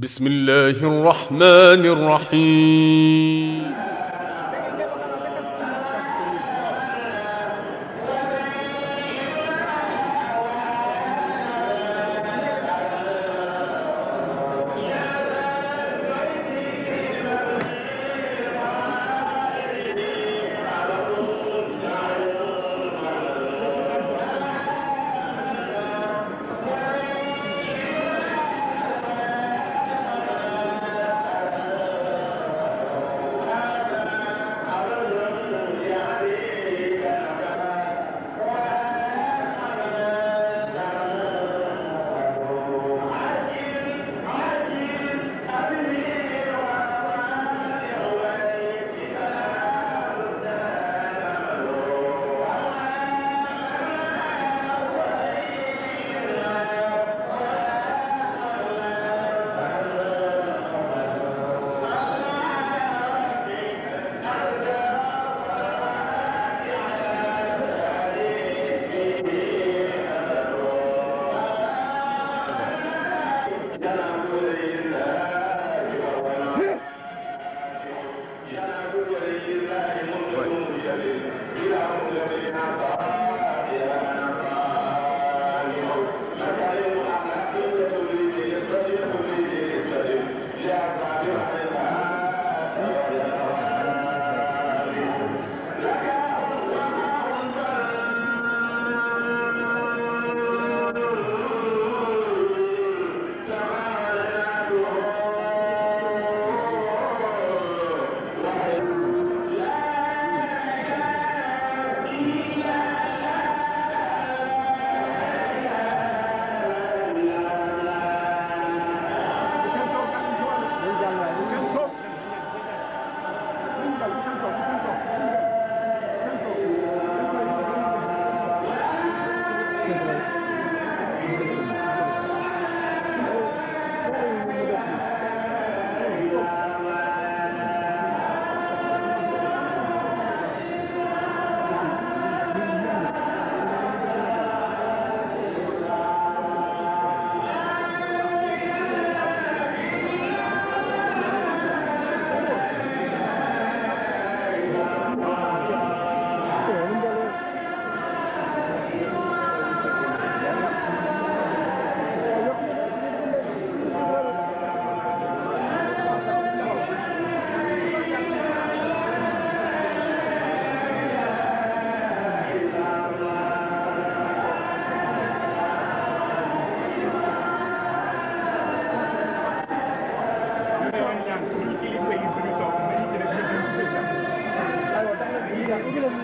bismillaahi rahmaani rahiim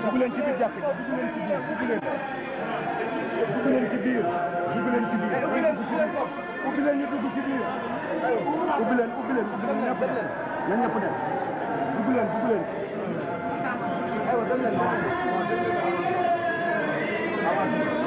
dugg leen ci biir jàkk dugg leen ci biir dugg leen dugg leen ci biir u leen ci biir ubbi leen ubbi leen ñu dugg na ñëpp dem dugg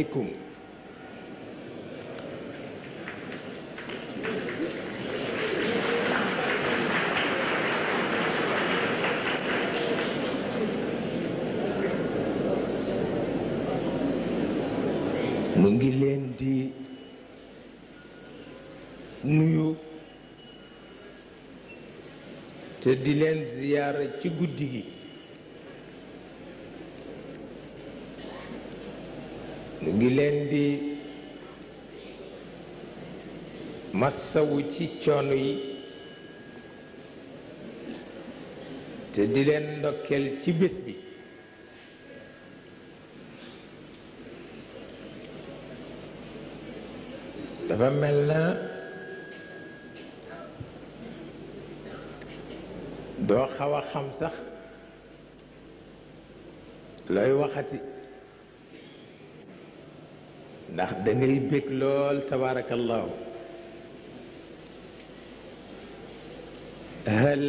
aleykum mu ngi leen di nuyu te di leen ziyaara ci guddi gi ñu ngi leen di massawu ci coono yi te di leen ndokkeel ci bés bi dafa mel na doo xaw a xam sax looy waxati ndax da ngay bég lool tabaarakallaahu hal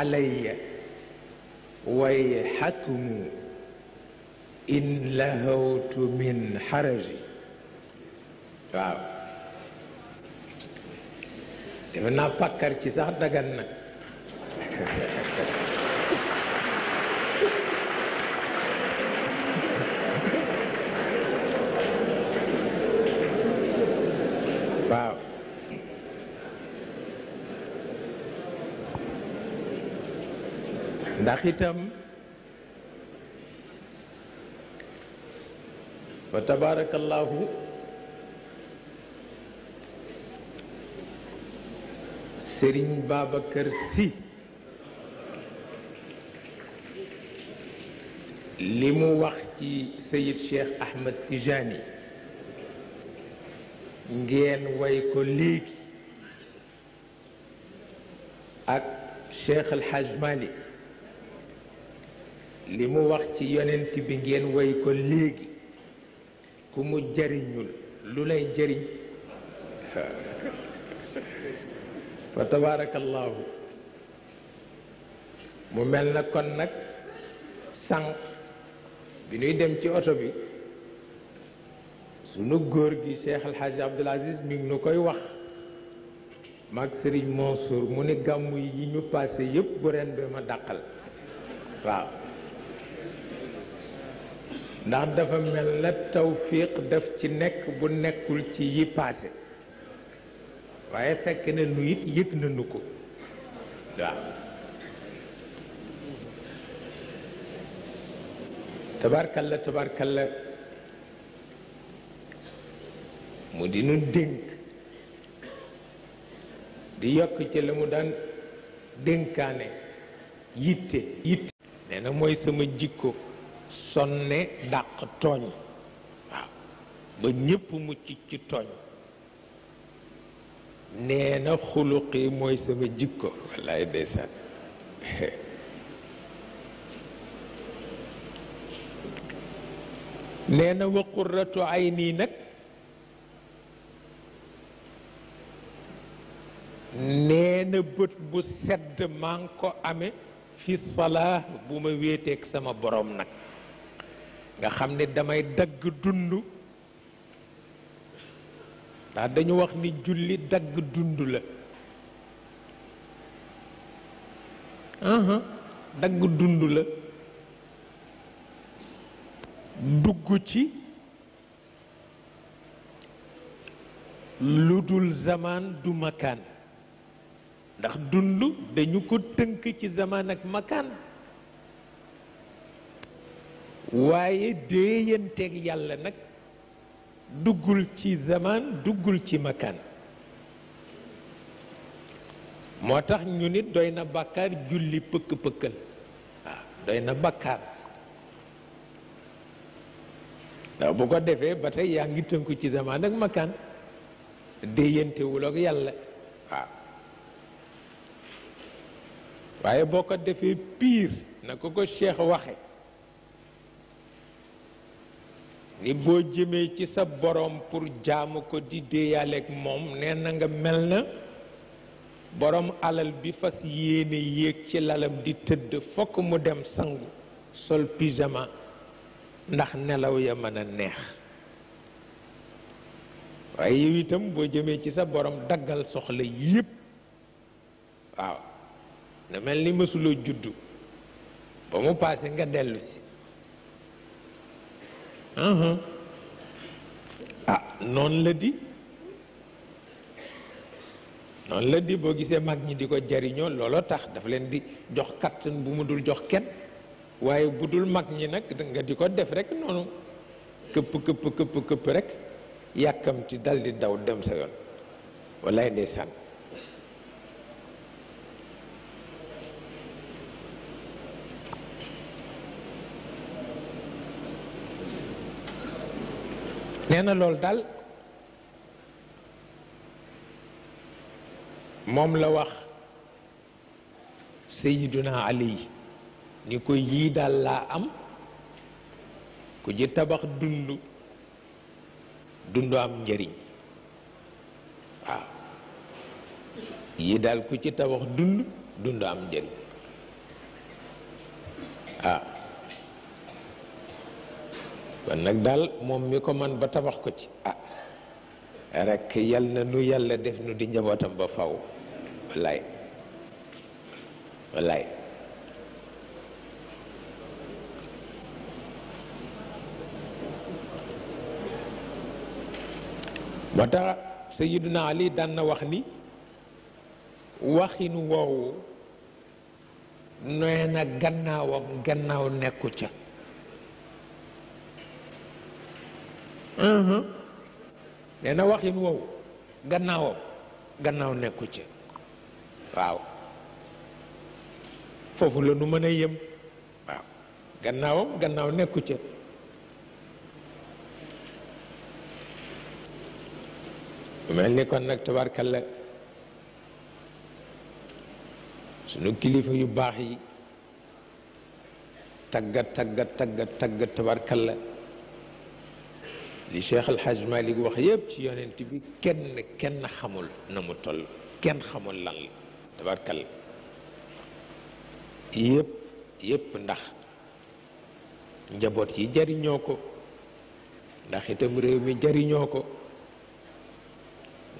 alayya way xakmu in lahawtu min xaraji waaw dafa naa pàkkar ci sax dagan nag ndax itam fa tabaarakallaahu sëriñ Babacar Sy li mu wax ci Seyid Cheikh Ahmed Tijani ngeen way ko ak Cheikh El Hadj li mu wax ci yonent bi ngeen woy ko léegi ku mu jariñul lu lay jariñ fa tabaarakallaahu mu mel na kon nag sànq bi nuy dem ci oto bi sunu góor gi Cheikh El Hadj Aziz mi nu koy wax mag sëriñ Mansour mu ne gàmmu yi ñu paase yépp bu ren bi ma dàqal waaw ndax dafa mel na tawfiq daf ci nekk bu nekkul ci yi paase waaye fekk na nu it yëg nañu ko waaw tabarkalla tabarkalla mu di nu dénk di yokk ci la mu daan dénkaane yitte yitte nee na mooy sama jikko sonne dàq tooñ waaw ba ñépp mucc ci tooñ nee na xuluqi mooy sama jikko wallaay ndeysaan nee na wa qurratu ayni nag nee na bët bu sedd maa ngi ko amee fi salaa bu ma wéeteeg sama borom nag nga xam ne damay dagg dund ndax dañu wax ni julli dund la uh-huh. dagg dund la dugg ci lu dul zamaan du makaan ndax dund dañu ko tënk ci zamaan ak makaan waaye déeyanteeg yàlla nag duggul ci zaman duggul ci makaan moo tax ñu nit doy na bàkkaar julli pëkk-pëkkal waaw ah, doy na bàkkaar ndax bu ko defee ba tey yaa ngi tënku ci zaman ak makaan déeyantewul ak yàlla waaw ah. waaye boo ko defee piir na ko ko cheikh waxe li boo jëmee ci sa borom pour jaamu ko di déeyaleeg moom nee na nga mel na borom alal bi fas yéene yéeg ci lalam di tëdd fokk mu dem sangu sol pyjama ndax nelaw ya mën a neex waaye yow itam boo jëmee ci sa borom daggal soxla yépp waaw na mel ni mësuloo juddu ba mu paase nga dellusi Uh-huh. ah noonu la di noonu la di boo gisee mag ñi di ko jariñoo looloo tax dafa leen di jox kattan bu mu dul jox kenn waaye bu dul mag ñi nag nga di ko def rek noonu këpp këpp këpp rek yàkkamti dal di daw dem sa yoon wallaay ndeysaan nee na loolu daal moom la wax Seydina Ali ni ko yii daal laa am ku ci tabax dund dund am njëriñ waaw yii daal ku ci tabax dund dund am njëriñ waaw kon nag daal moom mi ko man ba tabax ko ci ah rek yal na nu yàlla def nu di njabootam ba faw wallaay wallaay moo tax Sayyiduna Ali daan na wax ni waxinu woowu noy na gannaawam gannaaw nekku ca Mm-hmm. nee na waxin woowu gannaawam gannaaw nekku ca waaw foofu la nu mën a yem waaw gannaawam gannaaw nekku ca mel ni kon nag tabarkalla sunu kilifa yu baax yi tagga tagga tagga tagga tabarkalla li Cheikh El Hadj Malick wax yépp ci yonent bi kenn kenn xamul na mu toll kenn xamul lan la tabarkal yépp yépp ndax njaboot yi jariñoo ko ndaxitam réew mi jariñoo ko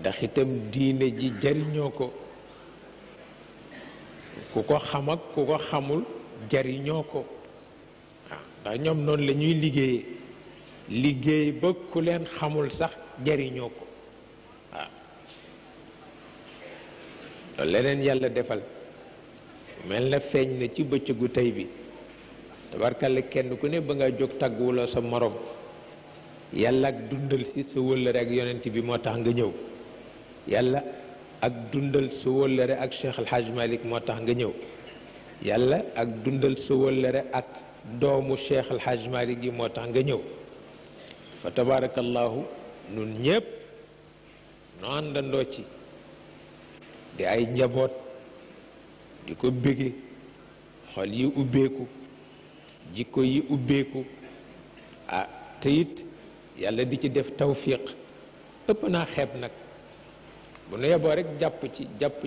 ndaxitam diine ji jariñoo ko ku ko xam ku ko xamul jariñoo ko waaw ndax ñoom noonu la ñuy liggéey ba ku leen xamul sax jariñoo ko waaw loolu leneen yàlla defal mel na feeñ na ci bëccëgu tey bi tabarkalla kenn ku ne ba nga jóg tàgguwuloo sa morom yàlla ak dundal si sa wëllëre ak yonent bi moo tax nga ñëw yàlla ak dundal sa wëllëre ak moo tax nga ñëw yàlla ak dundal sa wëllëre ak doomu Cheikh El Hadj yi moo tax nga ñëw fa tabaarakallaahu nun ñépp nu àndandoo ci di ay njaboot di ko bége xol yi ubbeeku jikko yi ubbeeku ah te it yàlla di ci def tawfiq ëpp naa xeeb nag bu nu yeboo rekk jàpp ci jàpp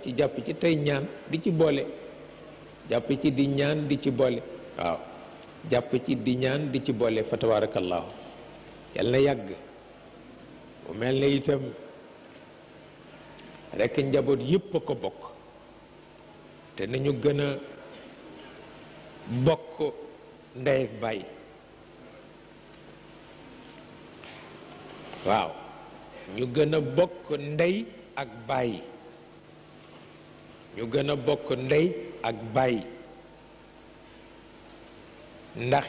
ci jàpp ci tey ñaan di ci boole jàpp ci di ñaan di ci boole di ñaan di ci boole fa tabaarakallaahu yàlla na yàgg mu mel na itam rekk njaboot yépp a ko bokk te nañu gën a bokk ndey ak baay waaw ñu gën a bokk ndey ak baay ñu gën a bokk ndey ak baay ndax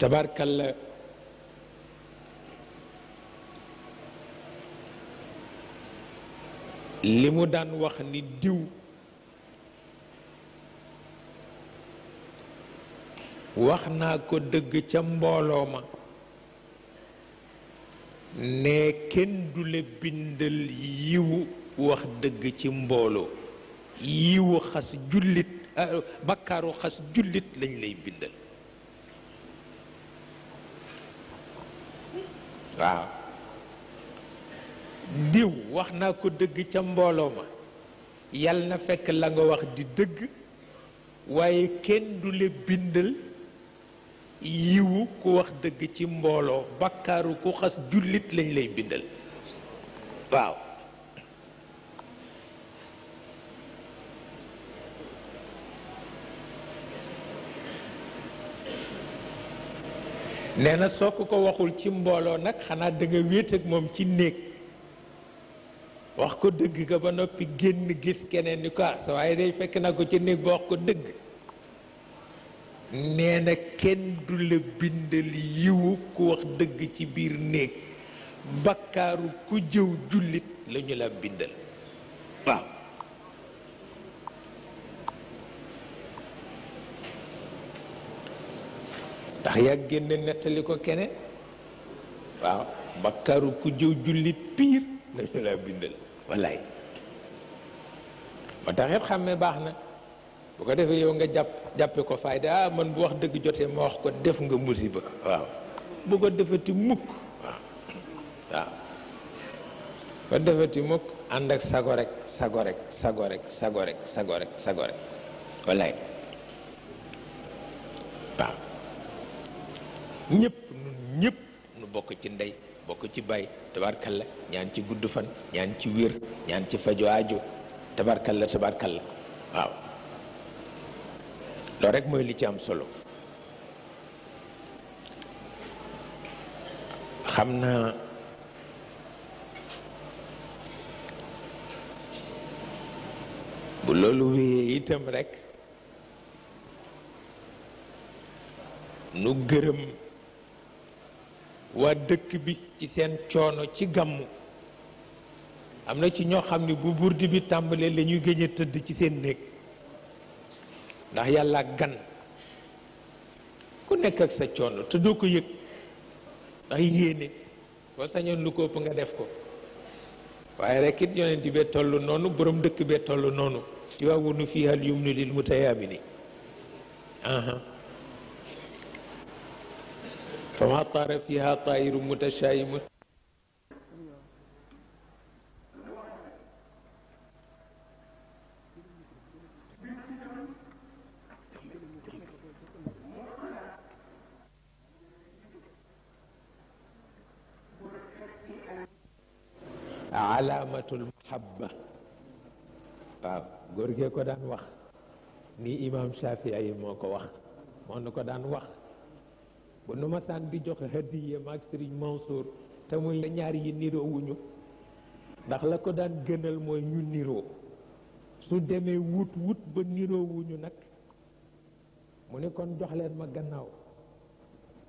tabaarkalla li mu daan wax ni diw wax naa ko dëgg ca mbooloo ma ne kenn du la bindal yiwu wax dëgg ci mbooloo yiwu xas jullit eh, bakkaaru xas jullit lañ lay bindal waaw wax naa ko dëgg ca mbooloo ma yal na fekk la nga wax di dëgg waaye kenn du la bindal yiwu ku wax dëgg ci mbooloo bakkaaru ku xas jullit lañ lay bindal waaw nee na soo ko ko waxul ci mbooloo nag xanaa da nga wéet ak moom ci néeg wax ko dëgg ga ba noppi génn gis keneen ni ko ah, sa waaye day fekk na ko ci néeg ba wax ko dëgg nee na kenn du la bindal yiwu ku wax dëgg ci biir néeg bakkaaru ku jëw jullit lañu la bindal waaw ndax yaa génne nettali ko keneen waaw karu ku jëw jullit piir lañu laa bindal wallaay moo tax it xàmmee baax na bu ko defee yow nga jàpp jàppe ko fayda ah man bu wax dëgg jotee ma wax ko def nga musiba waaw bu ko defati mukk waaw waaw ko defati mukk ànd ak sago rek sago rek sago rek sago rek sago rek sago rek wallaay waaw ñëpp nun nu bokk ci ndey bokk ci bay tabarkalla ñaan ci gudd fan ñaan ci wér ñaan ci fajo aajo tabarkalla tabarkalla waaw loolu rek mooy li ci am solo xam naa bu loolu wéyee itam rek nu gërëm waa dëkk bi ci seen coono ci gàmmu am na ci ñoo xam ne bu burdi bi tàmbalee lañuy ñuy tëdd ci seen néeg ndax yàlla gan ku nekk ak sa coono te ko yëg ndax yéene boo sañoon lu ko ëpp nga def ko waaye rek it yonent bee toll noonu borom dëkk bee toll noonu ci waa wunu fii hal yumnu lil mutayaamini فما طار فيها طائر متشائم alaamatul mahabba waaw góor gee ko daan wax ni imaam Shafii moo ko wax moo nu ko daan wax bu nu ma saan di joxe hadiya maag sëriñ Mansour te muy ñaar yi niroo wuñu ndax la ko daan gënal mooy ñu niroo su demee wut wut ba niroo wuñu nag mu ne kon jox leen ma gannaaw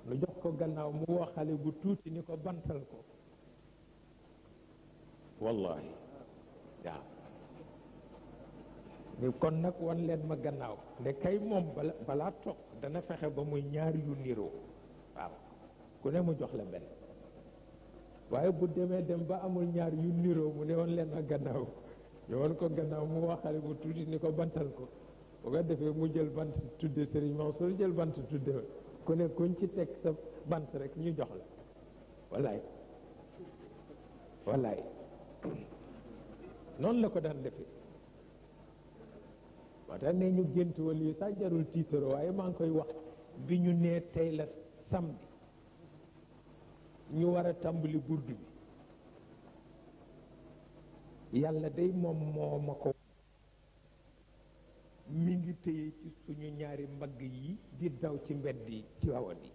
nu jox ko gannaaw mu woo xale bu tuuti ni ko bantal ko wallahi waaw ni kon nag wan leen ma gannaaw ne kay moom bala balaa toog dana fexe ba muy ñaar yu niroo waaw ku ne mu jox la benn waaye bu demee dem ba amul ñaar yu niroo mu ne woon leen a gannaaw ñu woon ko gannaaw mu waxale bu tuuti ni ko bantal ko bu nga defee mu jël bant tudde sëriñ Mansour jël bant tudde ku ne kuñ ci teg sa bant rek ñu jox la wallaay wallaay noonu la ko daan defee moo tax ne ñu gént wala yi sax jarul tiitaro waaye maa ngi koy wax bi ñu nee tey la samedi ñu war a tàmbali burdu bi yàlla day moom moo ma ko mi ngi téye ci suñu ñaari mbagg yi di daw ci mbedd yi ci wawan yi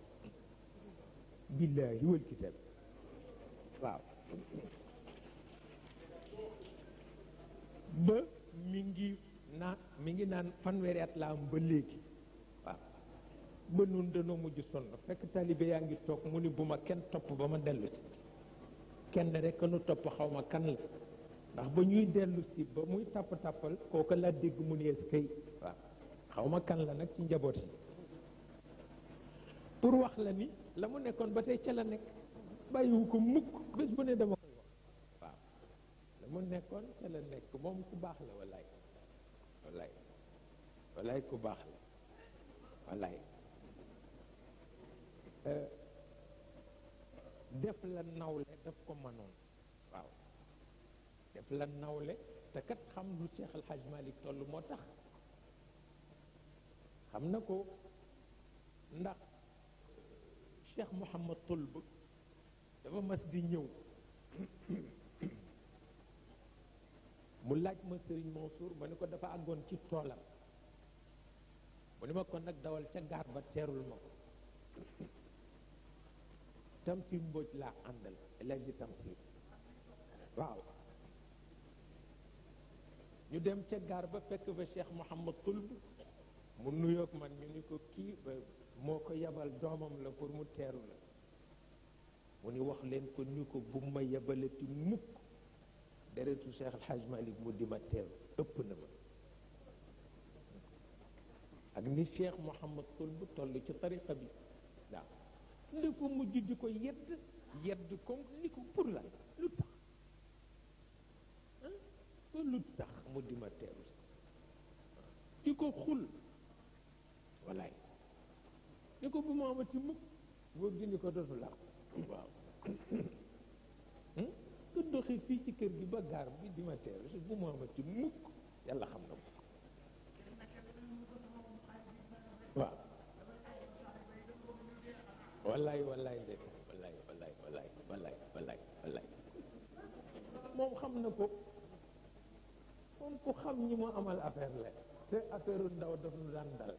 billaahi wal kitab waaw ba mi ngi naan mi ngi naan fanweeri at la am ba léegi ba nun danoo mujj sonn fekk taalibe yaa ngi toog mu ni bu ma kenn topp ba ma dellu si kenn rek nu topp xaw ma kan la ndax ba ñuy dellusi ba muy tàpp tappal kooka laa dégg mu ni est-ce que xaw ma kan la nag ci njaboot yi pour wax la ni la mu nekkoon ba tey ca la nekk bàyyiwu ko mukk bés bu ne dama koy wax waaw la mu nekkoon ca la nekk moom ku baax la wallaay wallaay wallaay ku baax la wallaay def la nawle daf ko manoon waaw def la nawle te kat xam lu Cheikh El Hadj Malick toll moo tax xam na ko ndax Cheikh Mouhamad ba dafa mas di ñëw mu laaj ma sëriñ Mansour ba ne ko dafa àggoon ci toolam mu ne ma kon nag dawal ca gaar ba teerul ma Tamsir Mbodj la àndal léegi Tamsir waaw ñu dem ca gaar ba fekk fa Cheikh Mouhamad Tulb mu nuyoog man ñu ni ko kii ba moo ko yabal doomam la pour mu teeru la mu ni wax leen ko ni ko bu ma yabalati mukk deretu Cheikh El Hadj mu di ma teeru ëpp na ma ak ni Cheikh Mouhamad Tulb toll ci tariqa bi li ko mujj di ko yedd yedd ko ni ko pour la lu tax lu tax mu di ma teeru di ko xul wallaay ni ko bu ma amati mukk góor gi ni ko dootu laa waaw nga doxi fii ci kër gi ba gaar bi di ma teeru si bu ma amati mukk yàlla xam na ko waaw wallaay wallaay ndeysaan wallaay wallaay wallaay moom xam na ko kon ku xam ñi mu amal affaire la te affaire ndaw daf nu daan dal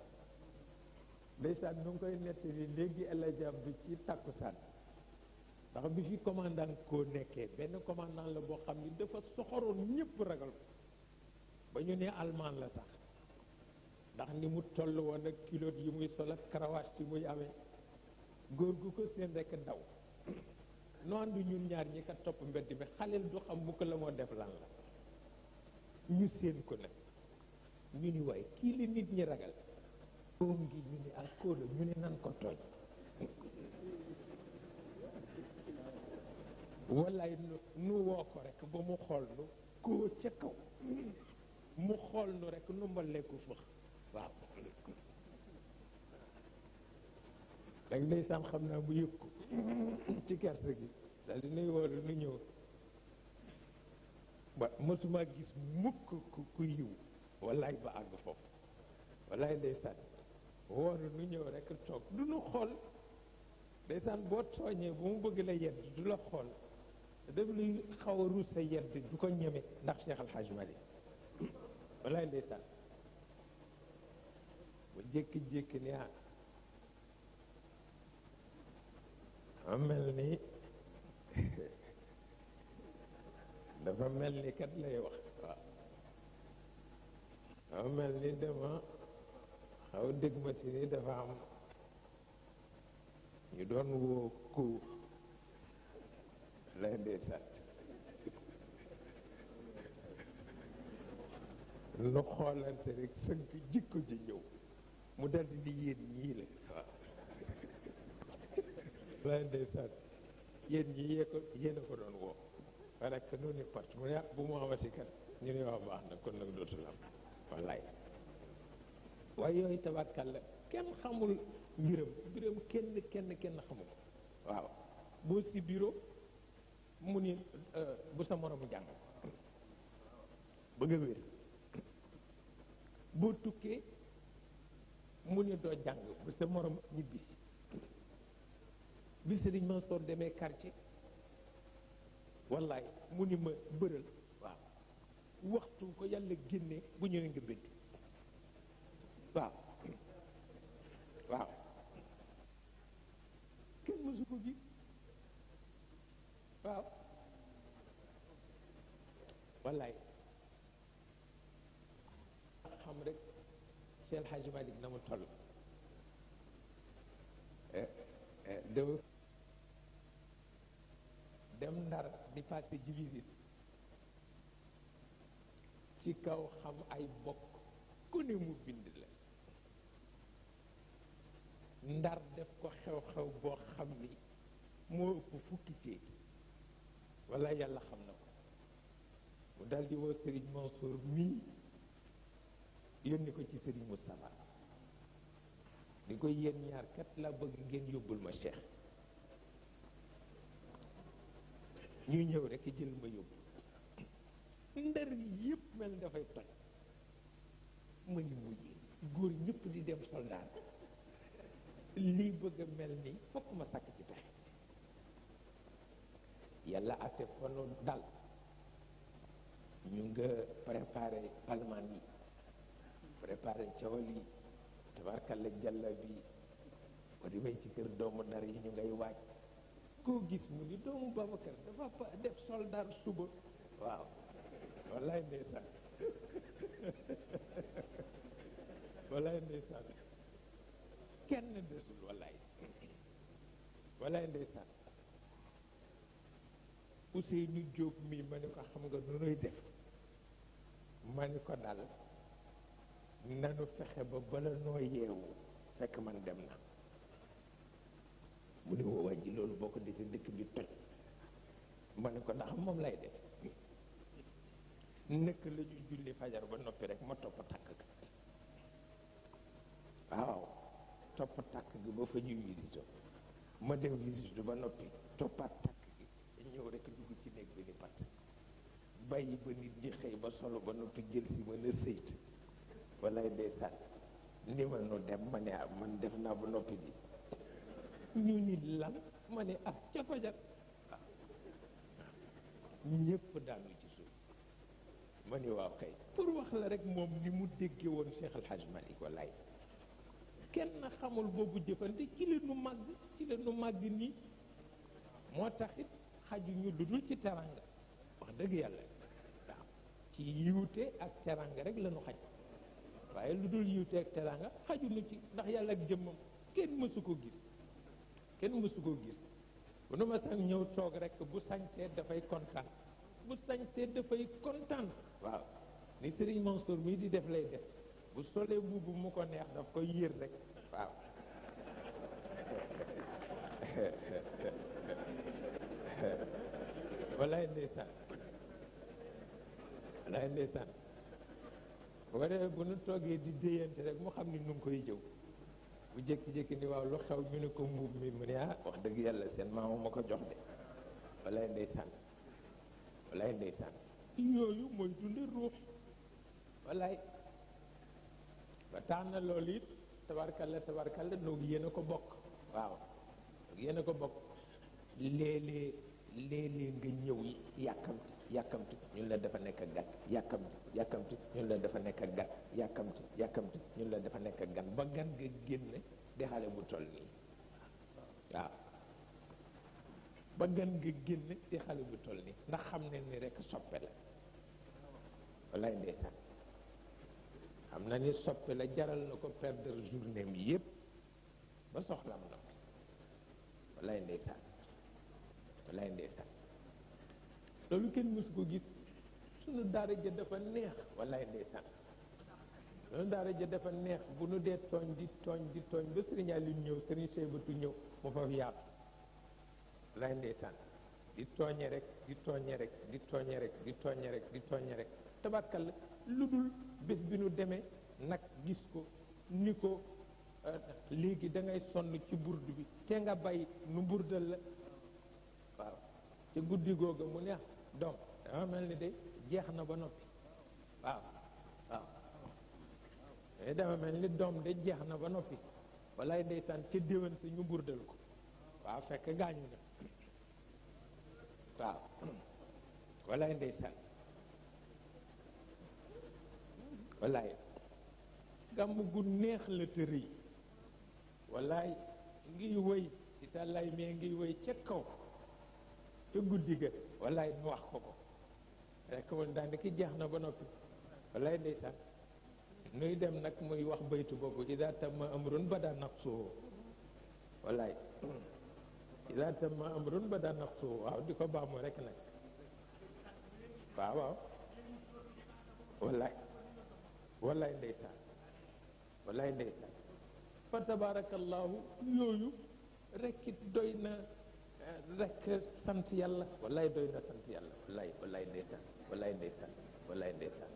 ndeysaan nu ngi koy nettali léegi alajab bi ci tàkkusaan ndax bi fi commandant koo nekkee benn commandant la boo xam ni dafa soxoroon ñëpp ragal ko ba ñu ne almaan la sax ndax ni mu toll woon ak kilote yi muy sol ak karawaas yi muy amee góor gu ko seen rek daw nu ànd ñun ñaar ñi kat topp mbedd bi xaleel du xam bu ko la moo def lan la ñu séen ko nag ñu ni waay kii li nit ñi ragal moom ngi ñu ni ak ñu ne nan ko tooñ wallaay nu woo ko rek ba mu xool nu koo ca kaw mu xool nu rekk nu mballeeku fëx waaw nag ndeysaan xam naa bu yëg ko ci kerse gi daal di nuy woolu nu ñëw ba mësuma gis mukk ku yiw wallaay ba àgg foofu wallaay ndeysaan woolu nu ñëw rek toog du nu xool ndeysaan boo tooñee bu mu bëgg la yedd du la xool def luy xaw a ruus sa yedd du ko ñeme ndax Cheikh Al Hadj Mali wallaay ndeysaan ba jékki-jékki ne ah, mel ni dafa mel ni kat lay wax waaw mel ni dama xaw dégmati ni dafa am ñu doon woo ku lay ndeysaan nu xoolante rek sënk jikko ji ñëw mu daldi ni yéen ñii la walaay ndeysaan yéen ñi yee ko yéen a ko doon woo waaye nag nu ni pat mu ne ah, bu mu amati kat ñu ne waaw baax na kon nag dootul am wallaay waaye yooyu tabarkal la kenn xamul mbiram mbiram kenn kenn kenn xamul mu ni euh, bu sa moromu jàng ba nga wér boo tukkee mu ni doo jàng bu sa morom ñibbisi bi Serigne Mansour demee quartier wallaay mu ni ma bëral waaw waxtu ko yàlla génne bu ñëwee nga bind waaw waaw kenn mësu gi waaw wallaay xam rek Cheikh Hadji Malick na mu toll eh, eh, dama dem ndar di passé ji visite ci kaw xam ay bokk ku ne mu bind la ndar def ko xew-xew boo xam ni moo ëpp fukki ceeti walla yàlla xam na ko mu daldi di woo Serigne Mansour mii yónni ko ci Serigne Moustapha di ko yéen ñaar kat la bëgg ngeen yóbbul ma Cheikh ñuy ñëw rek jël ma yóbbu ndar yëpp mel ni dafay toj ma ni mujj góor ñëpp di dem soldaar lii bëgg a mel ni fokk ma sàkk ci pexe yàlla atte fanu dal ñu nga préparé palmaan yi préparé cawal yi tabarkalla jàlla bi ba demee ci kër doomu ndar yi ñu ngay waaj koo gis mu ni doomu Babacar dafa pa def soldat suba waaw wallaay ndeysaan wallaay ndeysaan kenn desul wallaay wallaay ndeysaan Ousseynou Diop mii ma ni ko xam nga nu nuy def ma ni ko dal nanu fexe ba bala noo yeewu fekk man dem na mu ne ma ji loolu boo ko defee dëkk bi toj ma ne ko ndax moom lay def nekk la ñu julli fajar ba noppi rek ma topp takk ga waaw gi ba fa ñuy visite ma dem visite ba noppi toppaat takk gi ñëw rek dugg ci néeg bi ni pat bàyyi ba nit ñi xëy ba solo ba noppi jël si ma ne sëyt walaay ndeysaan ni ma nu dem ma ne ah, man def naa ba noppi di ñu ni lan ma ne ah ca fajar ñëpp daanu ci suuf ma ni waaw kay pour wax la rek moom ni mu déggee woon Cheikh El Hadj Malick wallaay kenn xamul boobu jëfante ci la nu màgg ci la nu nii moo taxit xaju ñu dudul ci teranga wax dëgg yàlla waaw ci yiwte ak teranga rek la xaj waaye lu dul yiwte ak teranga xaju ci ndax yàlla ak jëmmam kenn mësu ko gis kenn mësu koo gis bu nu ma sax ñëw toog rek bu sañsee dafay kontaan bu sañsee dafay kontaan waaw ni Serigne Mansour mii di def lay def bu solee mbubb mu ko neex daf koy yér rek waaw walaay ndeysaan walaay ndeysaan bu ko defee bu nu toogee di déyante rek mu xam ni nu ngi koy jëw bu jékki-jékki ni waaw lu xew ñu ne ko mbubb mi mu ne ah wax dëgg yàlla seen maama ma ko jox de walaay ndeysaan walaay ndeysaan yooyu mooy dunde ruux walaay ba tax na loolu it tabarkalla tabarkalla noog yéen a ko bokk waaw noog yéen a ko bokk léeg-léeg léeg-léeg nga ñëw yàkkamti yàkkamti ñun leen dafa nekk ak gan yàkkamti yàkkamti ñun leen dafa nekk ak gan yàkkamti yàkkamti ñun leen dafa nekk gan ba gan nga génne di xale bu toll nii waaw ba gan nga génne di xale bu toll nii ndax xam ne ni rek soppe la wallaay ndeysaan xam na ni soppe la jaral na ko perdre journée mi yépp ba soxlam noppi wallaay ndeysaan wallaay ndeysaan loolu kenn mësu ko gis sunu daara ja dafa neex wallaay ndeysaan sunu daara ja dafa neex bu nu dee tooñ di tooñ di tooñ ba sëriñ Aliou ñëw sëriñ Cheibatu ñëw mu faf yaatu wallaay ndeysaan di tooñe rek di tooñe rek di tooñe rek di tooñe rek di tooñe rek tabarkalla lu dul bés bi nu demee nag gis ko ni ko euh, léegi dangay sonn ci burd bi te nga bay nu burdal la waaw te guddi googa mu neex donc dama mel ni de jeex na ba noppi waaw waaw mais eh, dama mel ni doom de jeex na ba noppi walaay ndeysaan ca déwén sa ñu mburdal ko waaw fekk gaañu na waaw walaay ndeysaan walaay gàmm gu neex la te rëy walaay ngiy wëy isa lay mais ngiy wëy ca kaw ca guddi ga wallaay ñu wax ko ko rek man daanaka jeex na ba noppi wallaay ndeysaan nuy dem nag muy wax baytu boobu ida tamma amrun bada naqsuhu wallaay ida tamma amrun bada waaw di ko baamu rek nag waaw waaw wallaay wallaay ndeysaan wallaay ndeysaan fa tabarakallahu yooyu rekit doy na rek sant yàlla wallaay doy na sant yàlla wallaay wallaay ndeysaan wallaay ndeysaan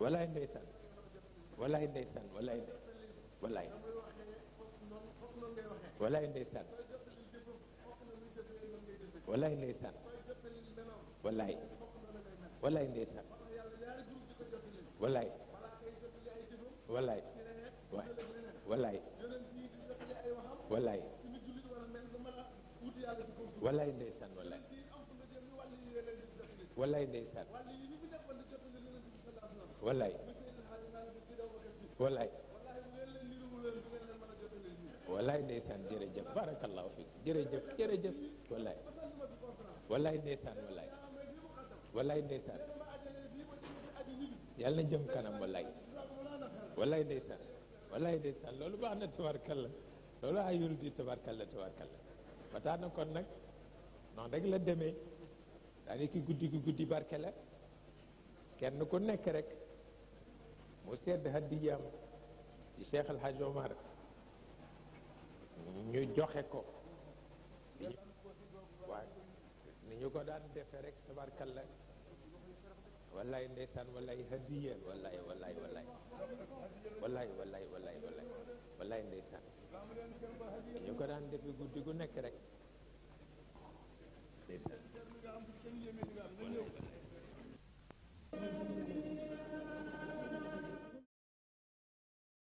wallaay ndeysaan wallaay ndeysaan wallaay ndeysaan wallaay wallaay wallaay ndeysaan wallaay wallaay ndeysaan wallaay wallaay wallaay ndeysaan jërëjëf barakallahu fiik jërëjëf jërëjëf wallaay wallaay ndeysaan wallaay wallaay ndeysaan yàlla na jëm kanam wallaay wallaay ndeysaan wallaay ndeysaan loolu baax na tabarkalla loolu ayul di tabarkalla tabarkalla fataana kon nag noonu rek la demee daani ki guddi gi guddi barke la kenn ku nekk rek mu sedd hadiyaam ci Cheikh El Hadj Omar ñu joxe ko waaw ñu ko daan defe rek tabarkalla wallaay ndeysaan wallaay hadiya wallaay wallaay wallaay wallaay wallaay wallaay ndeysaan ñu ko daan defe guddi gu nekk rek